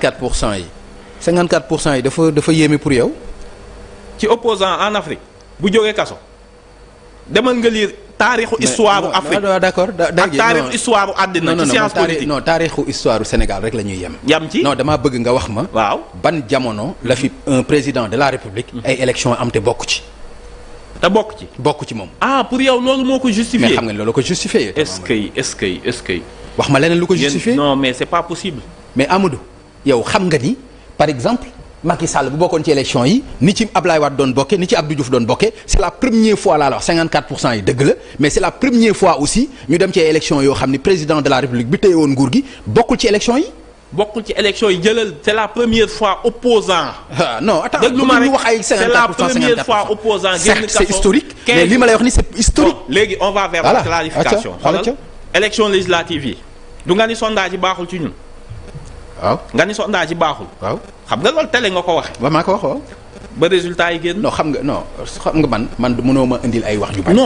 54 pour cent yi 54 pour cent dafa dafa yéeme pour yow. ci opposant en Afrique bu jógee kaso demal nga lire taarixu histoire u Afrique non d'accord ak taarixu histoire u àddina ci science politique non taarixu histoire u Sénégal rek la ñuy yem yam ci non damaa bëgg nga wax ma waaw ban jamono la fi un président de la République mhm. ay élection am te bokk ci te bokk ci bokk ci moom ah pour yow loolu moo ko justifié mais xam nga loolu ko justifié est-ce que wax ma leneen lu ko justifié non yow xam nga ni par exemple Macky Sall bu bokkoon ci élection yi ni ci Ablaye Wade doon bokke ni ci Abdou Diouf doon bokke c'est la première fois laa la wax 54 pour cent yi dëgg la mais c'est la première fois aussi ñu dem ci élection yoo xam ni président de la République bi téye woon nguur gi bokkul ci élection yi. bokkul ci élection yi jëlal c'est la première fois opposant ah non attends déglu ma rek wax ay 54 pour cent 54 pour ma lay wax ni c'est historique. léegi on va vers la clarification. xoolal élection législative ci ñun. waaw nga ni sondage yi baaxul. waaw xam nga loolu télé nga ko waxee. waaw maa ko wax waaw. ba résultat yi génn. non xam nga no xam nga man. man ma indil ay wax ju bari.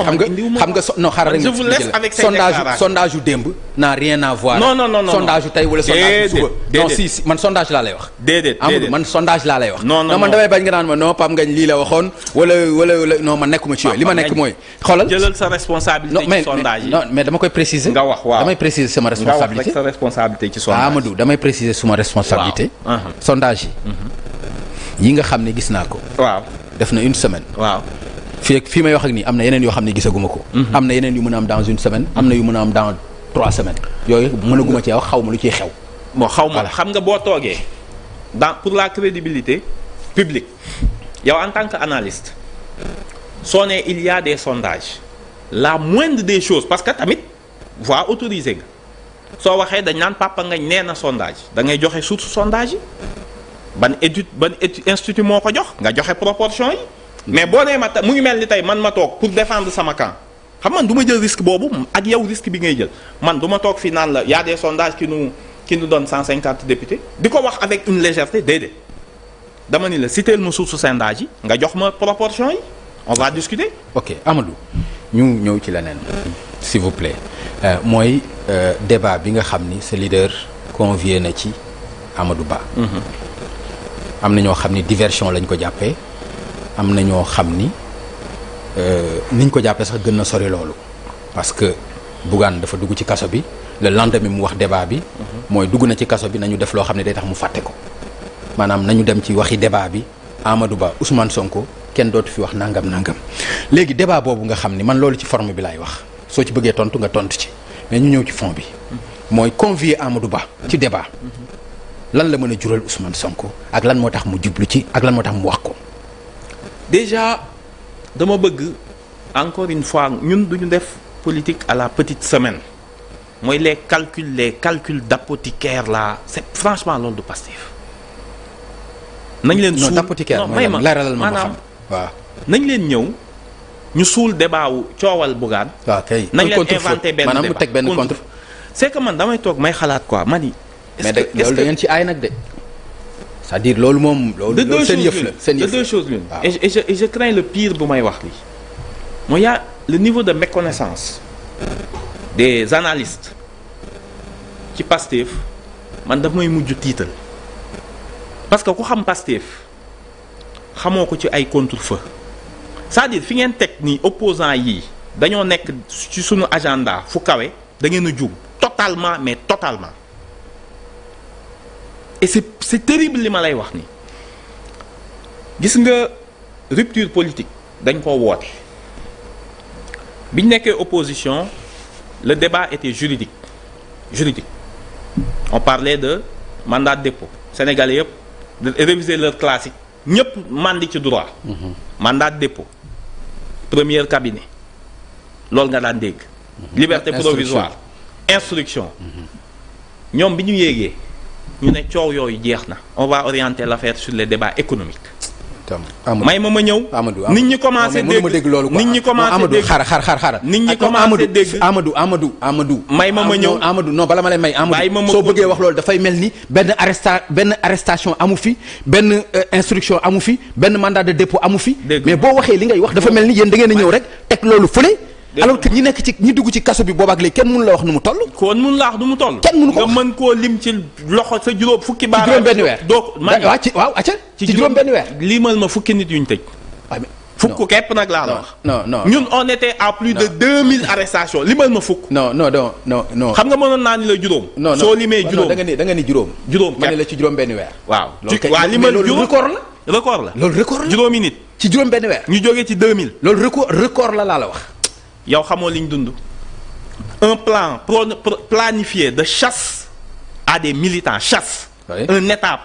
xam nga xam sondage yu démb. n'a rien à voir. non non non sondage yu tey wala sondage yu suba. non si man sondage laa lay wax. déedéet ah, déedéet man sondage laa lay wax. non non man damay bañ nga naan ma non Pape Ngagne la waxoon wala wala non man nekkuma ci yooyu. li ma nekk mooy xoolal jëlal sa responsabilité ci sondage yi. non mais dama koy préciser. nga wax waaw damay préciser sama responsabilité. nga wax rek sa responsabilité ci sondage. Amadou damay préciser suma responsabilité. Uh-huh. sondage yi. Uh-huh. yi nga xam ne gis naa ko. waaw def na une semaine. waaw fii ak fii may wax ak nii am na yeneen yoo xam ne gisaguma ko. Mhm. am na yeneen yu mën a am dans une semaine. am na yu mën a am dans trois semaines. yooyu mënaguma cee wax xaw ma lu ciy xew. moo xaw ma xam nga boo toogee. dans pour la crédibilité publique yow en tant que analyste soo nee il y a des sondages la moindre des choses parce que tamit voix autorisée nga soo waxee dañ naan Papa Ngagne nee na sondage da ngay joxe source sondage ban étude ban étude institut moo ko jox nga joxe proportion yi. mais boo nee ma ta mu ngi mel ni tey man ma toog pour défendre sama camp xam man du jël risque boobu ak yow risque bi ngay jël man du ma toog fii naan la y a des sondages qui nous qui nous donnent cinquante députés di ko wax avec une légèreté déedéet dama ni la citeel ma source sondage yi nga jox ma proportion yi on va discuter. ok Amadou ñu ñëw ci leneen. s'il vous plaît euh, mooy euh, débat bi nga xam ni sa leader na ci Amadou Ba. Mm-hmm. am na ñoo xam ni diversion lañ ko jàppee am na ñoo xam ni euh, niñ ko jàppee sax gën na sori loolu parce que Bougane dafa dugg ci kaso bi le lendemain mu wax débat bi mooy dugg na ci kaso bi nañu def loo xam ne day tax mu fàtte ko maanaam nañu dem ci waxi débat bi Amadou Ba Ousmane Sonko kenn dootu fi wax nangam nangam léegi débat boobu nga xam ni man loolu ci forme bi laay wax soo ci bëggee tontu nga tontu ci mais ñu ñëw ci fond bi mooy convier Amadou Ba ci débat lan la mën a jural Ousmane Sonko ak lan moo tax mu jublu ci ak lan moo tax mu wax ko. déjà dama bëgg encore une fois ñun duñu def politique à la petite semaine mooy les calculs les calculs d'apothicaire la c'est franchement loolu du Pastef. nañ leen suul non d'apothicaire mooy leeralal ma xam waaw nañ leen ñëw. ñu suul débat wu coowal Bougane. waaw kay nañ leen inventé benn débat maanaam mu teg benn contre. man damay toog may xalaat quoi ma ni mais da loolu da ngeen ci aay nag de c'est-à-dire loolu moom. loolu loolu seen yëf la seen yëf la de deux choses l'une et je et je et je crains le pire bu may wax lii mooy y a le niveau de méconnaissance des analystes ci Pastef man daf may mujj tiital parce que ku xam Pastef xamoo ko ci ay contre-feu c'est-à-dire fi ngeen teg ni opposant yii dañoo nekk ci suñu agenda fu kawe da ngeen a juum totalement mais totalement. et c'est c'est terrible li ma lay wax nii gis nga rupture politique dañ koo woote bi ñu nekkee opposition le débat était juridique juridique on parlait de mandat de dépôt sénégalais yëpp réviser leur classique ñëpp mandi ci droit mandat de dépôt premier cabinet loolu nga daan dégg liberté provisoire instruction ñoom bi ñu yéegee ñu ne coow yooyu jeex na on va orienter l'affaire sur les débats économiques. may ma ma ñëw. Amadou nit ñi commencé dégg loolu nit ñi commencé dégg xaar xaar xaar xaar nit ñi ah, commencé dégg Amadou Amadou Amadou. may ma ma ñëw Amadou non bala ma lay may. Amadou soo bëggee wax loolu dafay mel ni benn arresta benn arrestation amu fi benn euh, instruction amu fi benn mandat de dépôt amu fi. mais boo waxee li ngay wax dafa mel ni yéen da ngeen ñëw rek teg loolu fële. alors que ñi nekk ci ñi dugg ci kaso bi boobaak léegi kenn mënu la wax nu mu toll. kon mënu la wax nu mu toll. kenn mënu ko wax nga mën koo lim ci loxo sa juróom fukki. baaraam juróom benn weer doo waaw ci waaw acca ci juróom benn weer. limal ma fukki nit yu ñu tëj. Ah, fukk képp nag laa la wax. non non ñun on était à plus de 2000 arrestations limal ma fukk. non non non non. xam nga mënoon naa ni la juróom. non non soo limee juróom da nga ni da nga ni juróom. juróom ma ne la ci juróom benn weer. waaw loolu kay mais loolu record la. record la loolu record la juróomi nit. ci juróom benn weer. ñu jógee ci 2000. loolu record record la laa la wax. yow xamoo liñ dund un plan pro planifier de chasse à des militants chasse. Oui. un état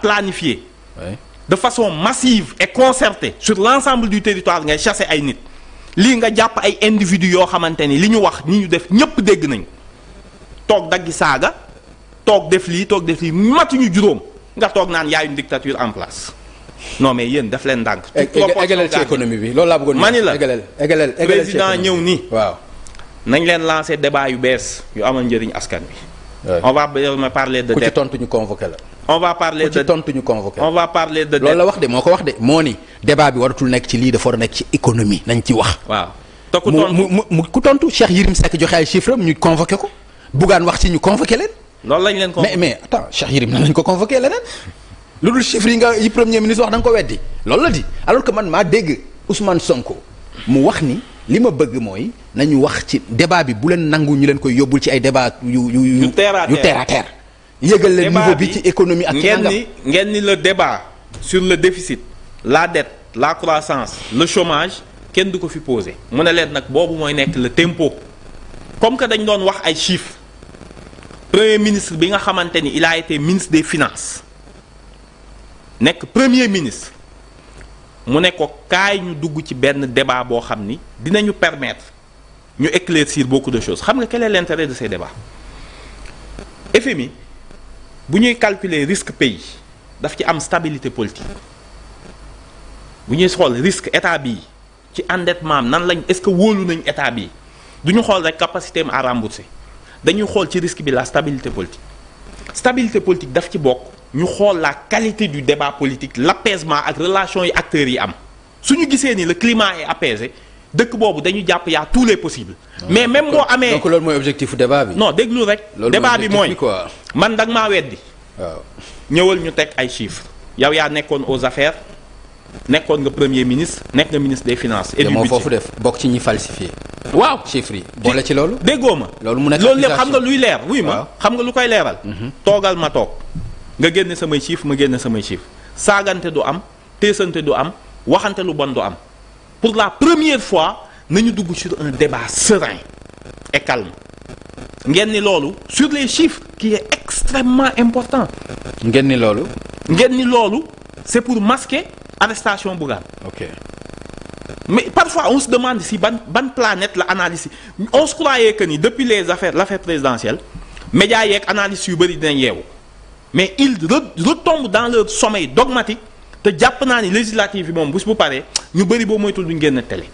de façon massive et concertée sur l'ensemble du territoire ngay chasser ay nit. lii nga jàpp ay individus yoo xamante ni li ñu wax ñi ñu def ñëpp dégg nañ toog daggi saaga toog def lii toog def lii matuñu juróom nga toog naan yaay une dictature en place. non mais yéen daf leen ndànk. égaleel ci économie bi loolu laa bëggoon ma ni la égaleel président ñëw nii waaw nañ leen lancer débat yu bees yu amal njëriñ askan bi on va ma de tontu ñu convoqué la on va parler de ku ci tontu loolu la wax de moo ko wax de moo ni débat bi waratul nekk ci lii dafa war nekk ci économie nañ ci wax waaw te ku tontu mu mu ku tontu Cheikh Yérim Seck joxe ay chiffres ñu convoqué ko Bougane wax ci ñu convoqué leen loolu lañ leen ko mais mais attends Cheikh Yérim nan lañ ko convoqué leneen lu dul chiffres yi nga yi premier ministre wax da nga ko weddi loolu la di alors que man maa dégg Ousmane Sonko mu wax ni li ma bëgg mooy nañu wax ci débat bi bu leen nangu ñu leen koy yóbbul ci ay débat yu yu yu terre à terre yëgal leen niveau bi ci économie ak ngeen ni ngeen ni le débat sur le déficit la dette la croissance le chomage kenn du ko fi posé mu ne leen nag boobu mooy nekk la tempo comme que dañ doon wax ay chiffres premier ministre bi nga xamante ni il a ministre des finances nekk premier ministre mu ne ko kaay ñu dugg ci benn débat boo xam ni dinañu permetre ñu éclaircir beaucoup de choses xam nga quel est l'intérêt de ces débats FMI bu ñuy calculer risque pays daf ci am stabilité politique bu ñuy xool risque état bi ci endettement am nan lañ est-ce que wóolu nañ état bi du ñu xool rek capacité am à rembourser dañuy xool ci risque bi la stabilité politique stabilité politique daf ci bokk. ñu xool la qualité du débat politique l'apaisement ak relation yi acteurs yi am suñu gisee ni la climat est apaisé dëkk boobu dañu jàpp yaa tous les possibles. Ah, mais même boo amee donc loolu mooy objectif débat bi. non déglu rek. débat bi mooy man da nga maa weddi. waaw ñëwal ñu teg ay chiffres. yow yaa nekkoon aux affaires nekkoon nga premier ministre nekk nga ministre des finances. et du budget foofu def bokk ci ñi falsifié. waaw chiffres yi boole ci loolu. déggoo ma loolu mu nekk loolu lépp xam nga luy leer. wuy ma xam nga lu koy leeral. Mhm. toogal ma toog. nga génne samay chiffres ma génne samay chiffres saagante du am teesante du am waxante lu bon du am pour la première fois nañu dugg sur un débat serein et calme ngeen ni loolu sur les chiffres qui est extrêmement important. ngeen ni loolu. ngeen ni loolu c'est pour masquer arrestation Bougane. ok mais parfois on se demande si ban ban planète la analyse on se croyait que ni depuis les affaires l'affaire présidentielle médias yeeg analyse yu bëri dinañ yeewu. mais ils retombent dans leur sommeil dogmatique te jàpp naa ni législative bi moom bés bu paree ñu bëri boo moytul duñ génn tele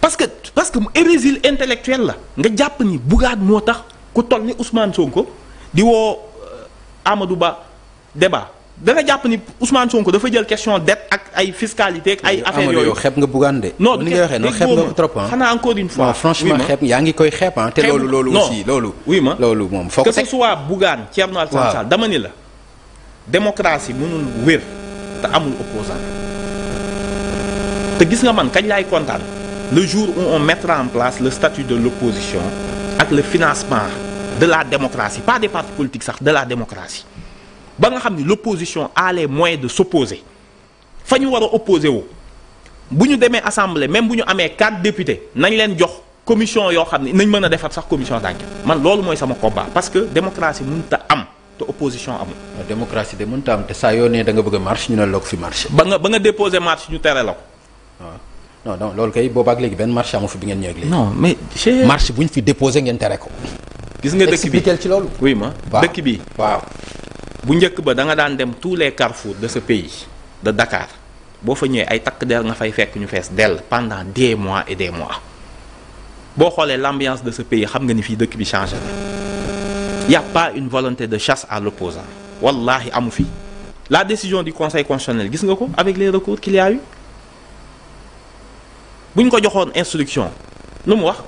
parce que parce que érésile intellectuel la nga jàpp ni bugaat moo tax ku toll ni Ousmane Sonko di woo euh, Amadou Ba débat da jàpp ni Ousmane Sonko dafa jël question dette ak ay fiscalité ak ay affaires yooyu xeeb nga bugaan de. non ni nga waxee noonu xeeb nga trop ah. xanaa encore une fois. franchement yaa ngi koy xeeb ah. te loolu loolu ma loolu moom foog que ce soit bugaan Thierno Alassane Sall dama ni la. démocratie mënul wér te amul opposant te gis nga man kañ laay kontaan le jour où on mettra en place le statut de l'opposition ak le financement de la démocratie pas des partis politiques sax de la démocratie. ba nga xam ni l'opposition a les moyens de s'opposer fa ñu war a opposer wu bu ñu demee assemblée même bu ñu amee quatre députés nañ leen jox commission yoo xam ne nañ mën a defar sax commission d'enquête man loolu mooy sama combat parce que démocratie mënut a am te opposition amul. démocratie de mënut a am te saa yoo nee da nga bëgg a ñu ne la ko fi marche. ba nga ba nga déposé marche ñu tere la ko. loolu ah. non non ak kay léegi benn marche amu fi bi ngeen ñëw ak léegi. non mais c'est marche bu déposé ngeen tere ko. gis nga dëkk bi expliqué ci loolu. oui ma bu njëkk ba da nga daan dem tous les carrefours de ce pays de dakaar boo fa ñëwee ay takk der nga fay fekk ñu fees dell pendant des mois et des mois boo xoolee l'ambiance de ce pays xam nga ni fii dëkk bi changé na y pas une volonté de chasse à l'opposant wallahi amu fi la décision du conseil constitutionnel gis nga ko avec les recours qu'il bu ñu ko joxoon instruction lu mu wax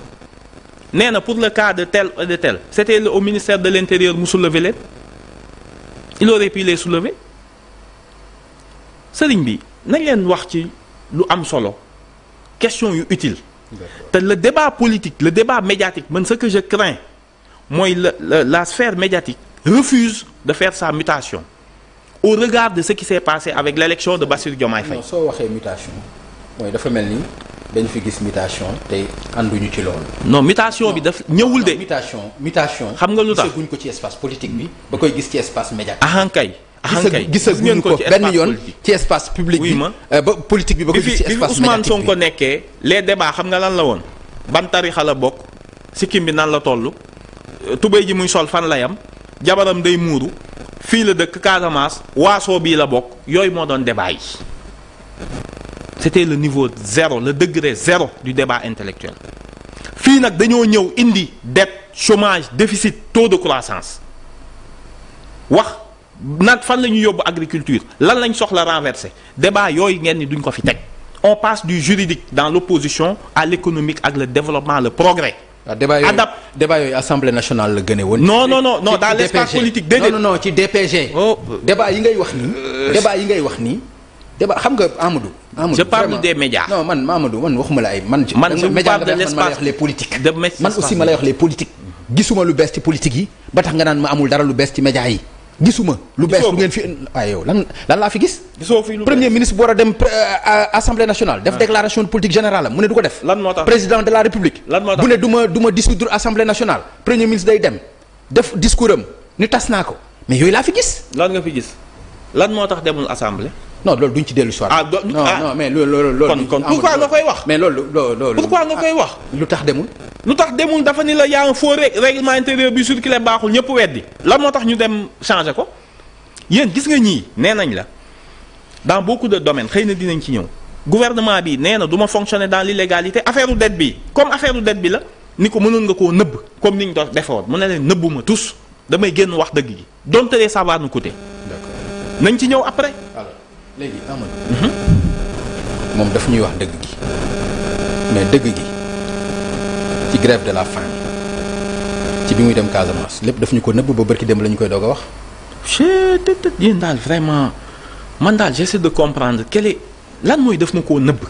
nee na pour le cas de tel et de tel c'était le au ministère de l'intérieur il aurait pu les sëriñ bi nañ leen wax ci lu am solo question yu utile te le débat politique le débat médiatique man ce que je crains mooy la la sphère médiatique refuse de fair sa mutation au regard de ce qui s'est passé avec l'élection de Bassirou Diomaye Faye. soo waxee mutation mooy dafa mel ni. dañ fi gis mutation tey ñu ci loolu. non mutation bi daf ñëwul de. mutation mutation. xam nga lu tax gisaguñ ko ci espace politique bi. ba koy gis ci espace médiatique. ahankay ahankay gisaguñ ko benn yoon ci espace public bi euh, ba politique bi ba koy gis ci espace médiatique bi bi Ousmane Sonko nekkee les débats xam nga lan la woon ban tarixa la bokk sikkim bi nan la toll tubéy ji muy sol fan la yam jabaram day muuru fii la dëkk Casamance waaso bii la bokk yooyu moo doon débat yi. c'était le niveau zéro le degré zéro du débat intellectuel fii nag dañoo ñëw indi dette chômage déficit taux de croissance wax nag fan la ñu yóbbu agriculture lan lañ soxla renverser débat yooyu ngeen ni duñ ko fi teg on passe du juridique dans l'opposition à l'économique ak le développement le progrès ah, débat yooyu débat yooyu assemblée nationale la gëne woon. non non non non dans l'espace politique déedéet non non ci DPG. Oh. débat yi ngay wax nii euh, débat yi ngay wax nii. débat xam nga Amadou. Amadou je parle des médias. non man Amadou waxuma la ay man. man je parle de l'espace man ma lay wax les politiques. man ma lay naan ma amul dara lu bees ci médias yi gisuma. lu bees lan lan laa fi gis. gisoo fi lu premier ministre bu war a dem euh, euh, assemblée nationale. def ah. déclaration de politique générale mu ne du ko def. président de la république. lan moo tax bu ne du ma du assemblée nationale. premier ministre day dem def discours ni tas naa ko mais yooyu laa fi gis. gis lan moo tax demul assemblée. non loolu duñ ci dellu soir. ah non ah. non mais loolu loolu. kon kon pourquoi nga koy wax. mais loolu loolu. pourquoi nga ah, koy wax. lu tax demul. lu tax demul dafa ni la yaa foo faux règlement intérieur bi circulé baaxul ñëpp weddi. lan moo tax ñu dem changer ko yéen gis nga ñii nee nañ la boo ku de domaines xëy na dinañ ci ñëw gouvernement bi nee na du ma fonctionner dans l'illégalité affaire u dette bi comme affaire u dette bi la ni ko mënoon nga koo nëbb comme ni ñu doon defoon mu ne leen nëbbuma tous damay génn wax dëgg gi donte les savoir nous coûter. nañ ci ñëw après. léegi mhm. moom daf ñuy wax dëgg gi mais dëgg gi ci grève de la faim ci bi muy dem Casamance lépp daf ñu ko nëbb ba bërki dem la ñu koy doog wax. je te te yéen daal vraiment man daal j'essaie de comprendre quel lan mooy daf ma ko nëbb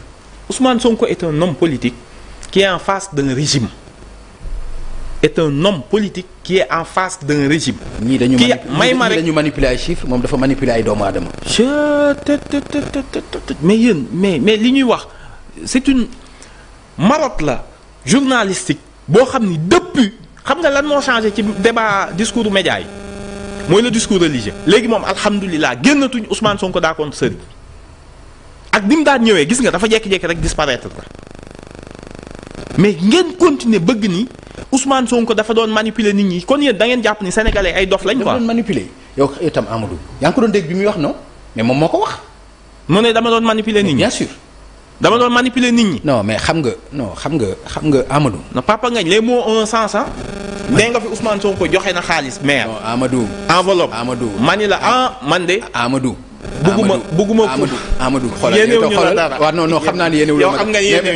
Ousmane Sonko est un homme politique qui en face d'un régime. est un homme politique qui est en face d'un régime. ñii dañu may ma rek dañu manipuler ay chiffres moom dafa manipuler ay doomu aadama. je te te mais yéen mais mais li ñuy wax c'est une marotte la journalistique boo xam ni depuis xam nga lan moo changé ci débat discours média yi mooy le discours religieux. léegi moom alhamdulilah génnatuñ Ousmane Sonko daa contre sëriñ ak ni mu daan ñëwee gis nga dafa jekki jékki rek disparaître la mais ngeen continuer bëgg nii Ousmane Sonko dafa doon manipuler nit ñi kon yéen da ngeen jàpp ni sénégalais ay dof lañ quoi. dafa doon manipuler yow itam Amadou. yaa ngi ko doon dégg bi muy wax non mais moom moo ko wax. mu ne dama doon manipuler nit ñi bien sûr. dama doon manipuler nit ñi. non mais xam nga non xam nga xam nga Amadou. non papa ngañ les mots ont un sens ah. Sonko joxe na xaalis maire. Amadou. enveloppe Amadou. mani la ah man de. amadu bugguma bugguma Amadou Amadou xoolal yow non non xam naa ne yéen a